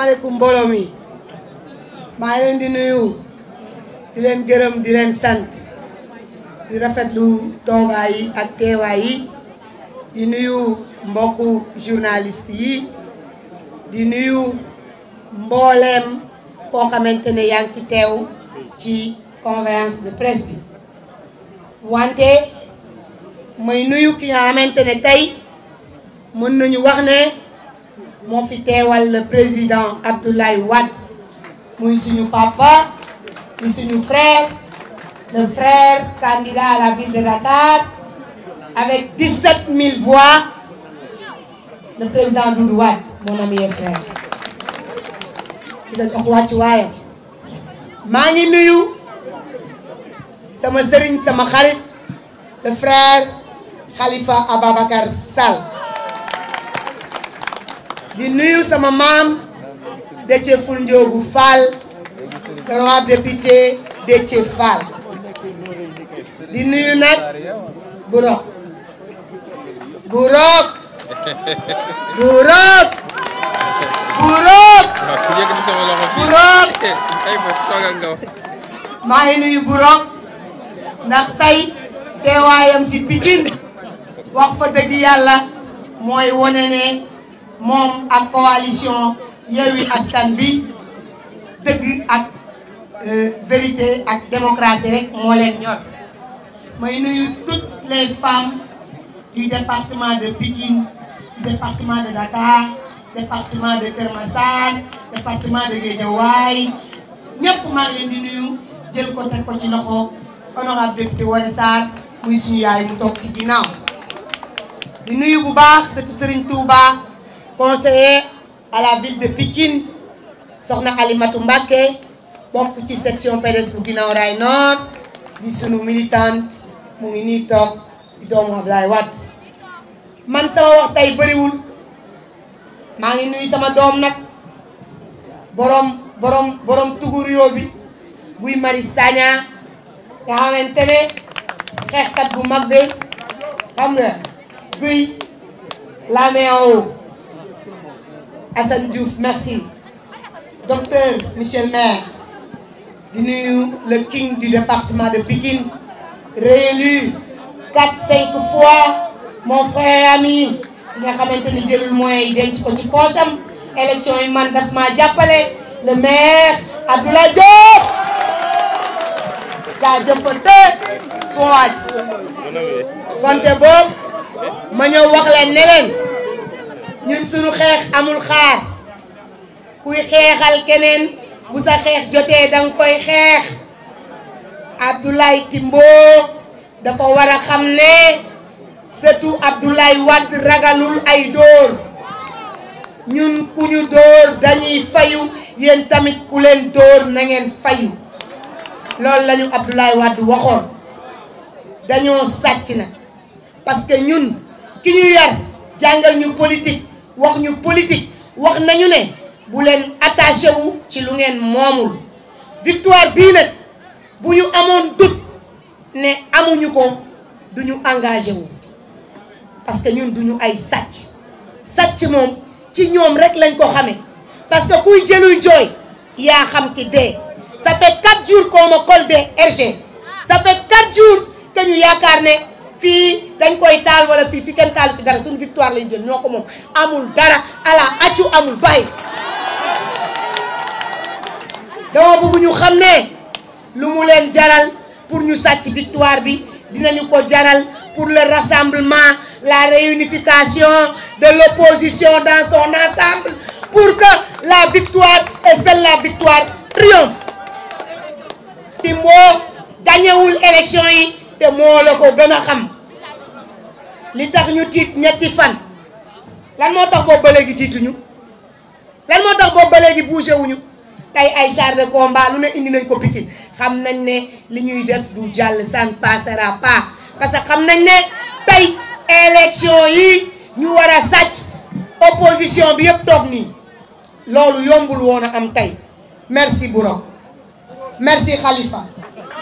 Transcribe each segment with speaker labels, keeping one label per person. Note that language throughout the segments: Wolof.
Speaker 1: asalaamaaleykum mbooloo mi maa ngi leen di nuyu di leen gërëm di leen sant di rafetlu toogaay yi ak teewaay yi di nuyu mbokku journaliste yi di nuyu mbooleem koo xamante ne yaa ngi fi teew ci conférence de presse bi wante may nuyu ki nga xamante ne tey mën nañu wax ne moo fi teewal le président Abdoulaye Wade muy suñu papa muy suñu frère le frère candidat à la ville de Dakar avec voix le président Doudou Wade mon ami et frère di la jox wàcc waaye maa ngi nuyu sama sëriñ sama xarit le frère Khalifa Ababacar Sall di nuyu sama maam Déthié Fall Ndiogou Fall grand député Déthié Fall di nuyu nag Burok Burok Burok maa ngi nuyu Burok ndax tey teewaayam si Pikine wax fa dëgg yàlla mooy wone moom ak coalition Yewwi Askan bi dëgg ak euh, vérité ak démocratie rek moo leen ñor may nuyu toutes les femmes du département de Pikine du département de Dakar département de Keur département de Guédiawaye ñëpp maa leen di nuyu jël ko teg ko ci loxo honorable député Woré Sarr muy suñu yaay mu si ginnaaw di nuyu bu baax surtout Serigne Touba. conseiller à la ville de Pikine soxna Alimatou Mbacké bokk ci section PDS bu ginnaaw raay nord di sunu militante mu ngi nii toog di doomu Ablaye man sama wax tey maa ngi nuyu sama doom nag borom borom borom tugur yoo bi mari Sagna nga xamante ne xeexkat bu mag bi xam nga buy lamee Assane Diouf merci docteur monsieur le maire di nuyu le king du département de Pikine réélu quatre cinq fois mon frère ami yi nga xamante ni jëlul moyens yi denc ko ci poosam élection yi man daf ma jàppale le maire Abdoulaye Diop jaajëfante Fouad konte boobu ma ñëw wax leen ne leen ñun suñu xeex amul xaar kuy xeexal keneen bu sa xeex jotee danga koy xeex Abdoulaye Timbo dafa war a xam ne surtout Abdoulaye Wade ragalul ay dóor ñun ku ñu dóor dañuy fayu yéen tamit ku leen dóor na ngeen fayu loolu la ñu Abdoulaye waxoon dañoo sàcc na parce que ñun ki ñu yar jàngal ñu politique wax ñu politique wax nañu ne bu leen attaché wu ci lu ngeen moomul victoire bii nag bu ñu amoon dut ne amuñu ko du ñu engagé wu parce que ñun duñu ay sàcc sàcc moom ci ñoom rek lañ ko xamee parce que kuy jëluy jooy yaa xam ki dee ça fait quatre jours qu'on me colle RG ça fait quatre jours que ñu yaakaar ne fii dañ koy taal wala fii fi kenn taal fi dara suñu victoire lañ jël ñoo ko moom amul dara ala accu amul bàyyi dama bëgg xam ne lu mu leen jaral pour ñu sàcc victoire bi dinañu ko jaral pour le rassemblement la réunification de l'opposition dans son pour que la victoire et seule la victoire triomphe. Timbo gañewul élection yi. te moo la ko gën a xam li tax ñu tiit ñetti fan lan moo tax boobu léegi tiituñu lan moo tax boobu ba léegi bougé wuñu tey ay char de combat lu ne indi nañ ko Pikine xam nañ ne li ñuy def du jàll ça ne passera pas parce que xam nañ ne tey élection yi ñu war a sàcc opposition bi yëpp toog nii loolu yombul woon a am tey merci Bourok merci Khalifa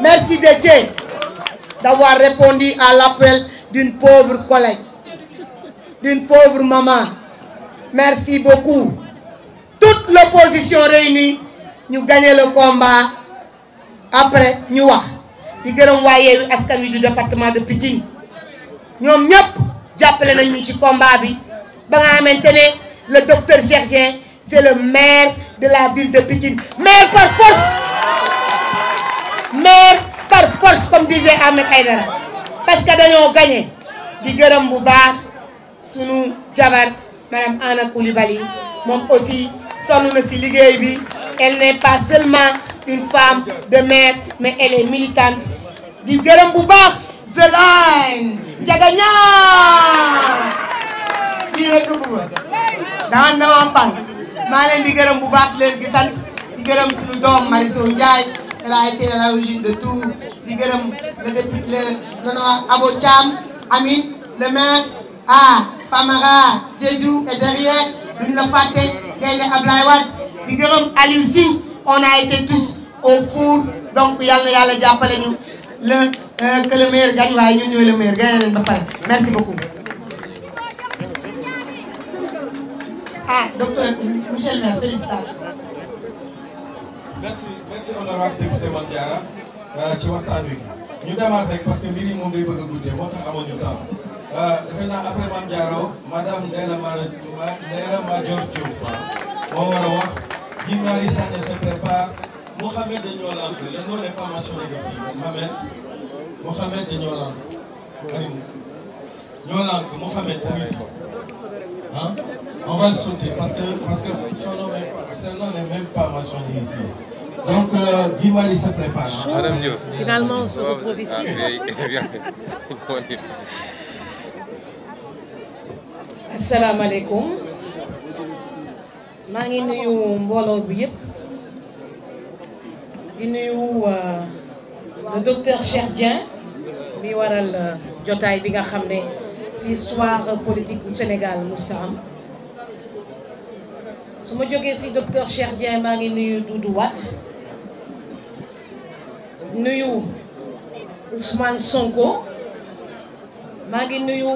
Speaker 1: merci Déthié d'avoir répondu à l'appel d'une pauvre collègue, d'une pauvre maman. Merci beaucoup. Toute l'opposition réunie, nous gagnons le combat. Après, nous avons. Nous avons du département de Pékin. Nous avons appelé le combat. Le docteur Gerdien, c'est le maire de la ville de Pékin. Maire par force jàppale Ahmed Aidara parce que dañoo gagné di gërëm bu baax sunu jabar madame Anna Koulibaly moom aussi sonn na si liggéey bi elle n'est pas seulement une femme de mère mais elle est militante di gërëm bu baax The Line Ndiaga Niang lii rek bëgg daan na wampal maa gërëm bu baax leen di sant gërëm sunu doom Mariso Ndiaye elle a été à l'origine de tout di gërëm le député le Abo Thiam Amit le maire ah Famara Diédhiou et derrière duñ la fàtte Gaynde on a été tous au four donc yàlla na yàlla jàppale ñu le euh, que le meilleur gagne waaye ñun ñooy le meilleur gagné nañ ba pare merci beaucoup. ah docteur monsieur le maire félicitations. merci
Speaker 2: merci honorable député Mame Diarra. Euh, ci waxtaan wi gi ñu demaat parce que mbir yi moom day bëgg a guddee moo tax amoon ñu temps euh, defe naa après Mame Diarra madame Ndella Madior Diouf moo war a wax Guy se prépare Mouhamed dañoo lànk le nom n'est pas mentionné ici Mouhamed Mouhamed dañoo lànk anim ñoo lànk Mouhamed mu ngi fi ah on va le sauter parce que Donc, euh, Guy Marie Finalement, on se retrouve ici. asalaamaaleykum ah, maa ngi nuyu mbooloo bi yëpp di nuyu euh, le docteur Cheikh Dieng mi waral euh, jotaay bi nga xam ne ci histoire politique Sénégal musta am su ma jógee si docteur Cheikh Dieng maa ngi nuyu Doudou Wade nuyu Ousmane Sonko maa ngi nuyu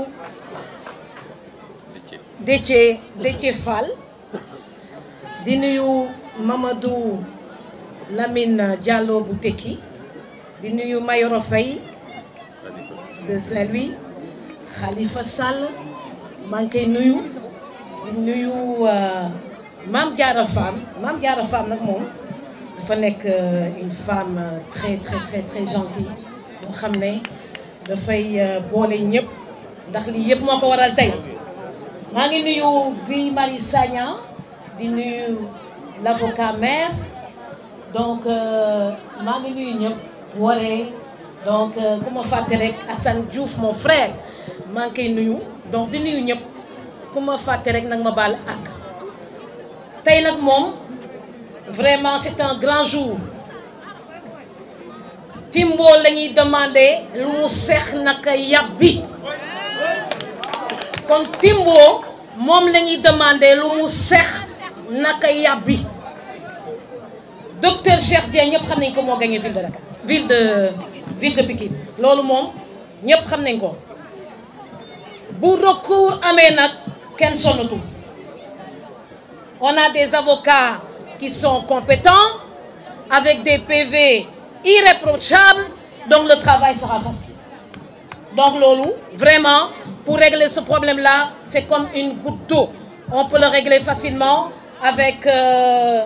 Speaker 2: Déthié Déthié Fall di nuyu Mamadou Lamine Diallo bu Tekki di nuyu Mayoro Faye de saint Khalifa Sall maa ngi koy nuyu di nuyu euh, Mame Diarra Fam Mame Diarra Fam nag moom dafa nekk euh, une femme euh, très très très très gentille xam ne dafay euh, boole ñëpp ndax lii yëpp moo ko waral tey maa ngi nuyu Guy Marie Sagna di nuyu l'avocat maire donc maa ngi nuyu ñëpp waree donc ku ma fàtte rek Assane Diouf mon frère maa ngi koy nuyu donc di nuyu ñëpp ku ma fàtte rek nag ma baal ak tey nag moom vraiment c'est un grand jour Timbo lañuy ñuy demandé lu mu seex naka yàbbi kon Timbo moom lañuy ñuy demandé lu mu seex naka yàbbi docteur Cheikh Dieng ñëpp xam nañ ko moo gagné ville de Dakar ville de ville de Pikine loolu moom ñëpp xam nañ ko bu recours amee nag kenn sonnatul On a des avocats qui sont compétents, avec des PV irréprochables, donc le travail sera facile. Donc Lolo, vraiment, pour régler ce problème-là, c'est comme une goutte d'eau. On peut le régler facilement avec euh,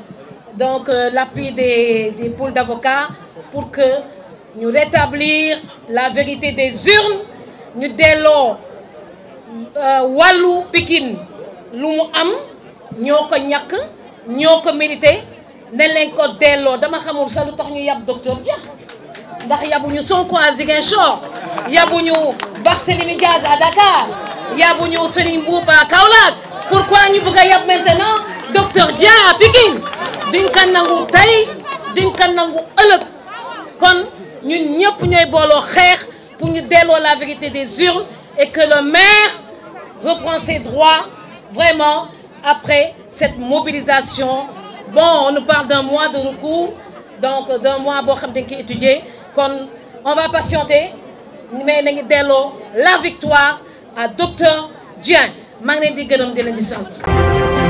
Speaker 2: donc euh, l'appui des, des d'avocats pour que nous rétablir la vérité des urnes ñu delloo euh, wàllu Pikine lu am ñoo ko ñàkk ñoo ko mérité ne leen ko delloo dama xamul sa lu tax ñu yab docteur Dia ndax yabuñu Sonko à Ziguinchor yabuñu Barthélémy Diaz à Dakar yabuñu Serigne Mboup à Kaolack pourquoi ñu bëgg a yab maintenant docteur Dia à Pikine duñ ko nangu tey duñ ko nangu ëllëg kon ñun ñëpp ñooy booloo xeex pour ñu delloo la vérité des urnes et que le maire reprend ses droits vraiment après cette mobilisation bon on nous parle d'un mois de recours donc d'un mois boo xam dañ koy étudier kon on va patienter mais nañu delloo la victoire à docteur Dieng maa ngi leen di gërëm di leen di sant